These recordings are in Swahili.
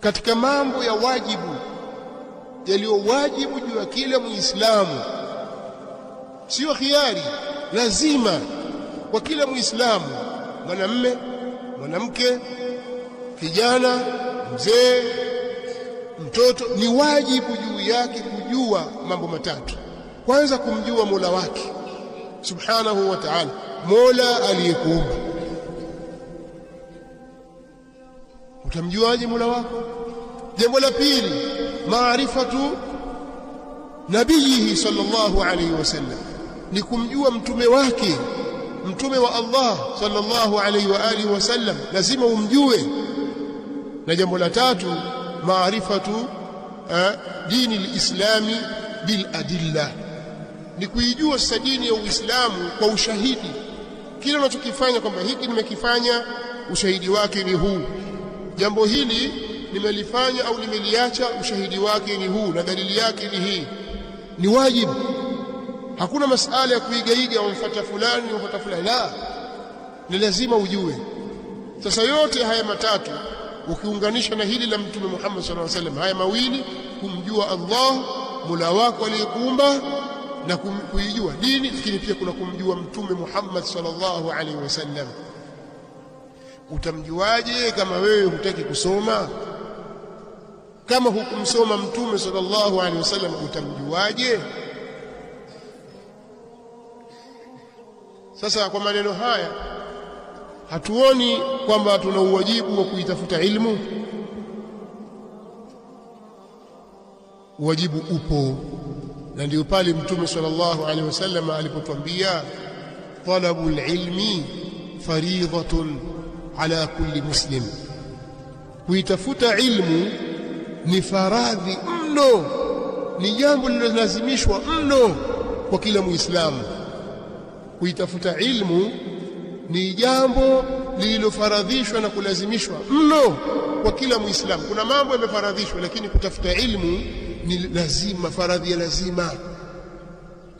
Katika mambo ya wajibu yaliyo wajibu juu ya kila Muislamu, siyo khiari, lazima kwa kila Muislamu, mwanamme, mwanamke, kijana, mzee, mtoto, ni wajibu juu yake kujua mambo matatu. Kwanza, kumjua Mola wake subhanahu wa ta'ala, Mola aliyekuumba utamjuaje Mola wako? Jambo la pili, maarifatu nabiyihi sallallahu alayhi wasallam, ni kumjua mtume wake, mtume wa Allah sallallahu alayhi wa alihi wasallam, lazima umjue. Na jambo la tatu, maarifatu eh, dini lislami adilla, ni kuijua sasa dini ya Uislamu kwa ushahidi, kila unachokifanya kwamba hiki nimekifanya, ushahidi wake ni huu. Jambo hili nimelifanya au nimeliacha, ushahidi wake ni huu na dalili yake ni hii. Ni wajibu, hakuna masala ya kuigaiga, wamfuata fulani, wamfuata fulani, la, ni lazima ujue. Sasa yote haya matatu ukiunganisha na hili la Mtume Muhammad sallallahu alaihi wasallam, haya mawili, kumjua Allah mula wako aliyekuumba na kuijua dini, lakini pia kuna kumjua Mtume Muhammad sallallahu alaihi wasallam. Utamjuaje kama wewe hutaki kusoma? Kama hukumsoma Mtume sallallahu alaihi wasallam utamjuaje? Sasa kwa maneno haya hatuoni kwamba tuna uwajibu wa kuitafuta ilmu. Uwajibu upo, na ndio pale Mtume sallallahu alaihi wasallam alipotwambia, talabul ilmi faridhatun ala kulli muslim, kuitafuta ilmu ni faradhi mno, ni jambo linalolazimishwa mno kwa kila Muislamu. Kuitafuta ilmu ni jambo lililofaradhishwa na kulazimishwa mno kwa kila Muislamu. Kuna mambo yamefaradhishwa, lakini kutafuta ilmu ni lazima, faradhi ya lazima,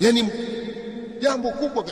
yani jambo kubwa.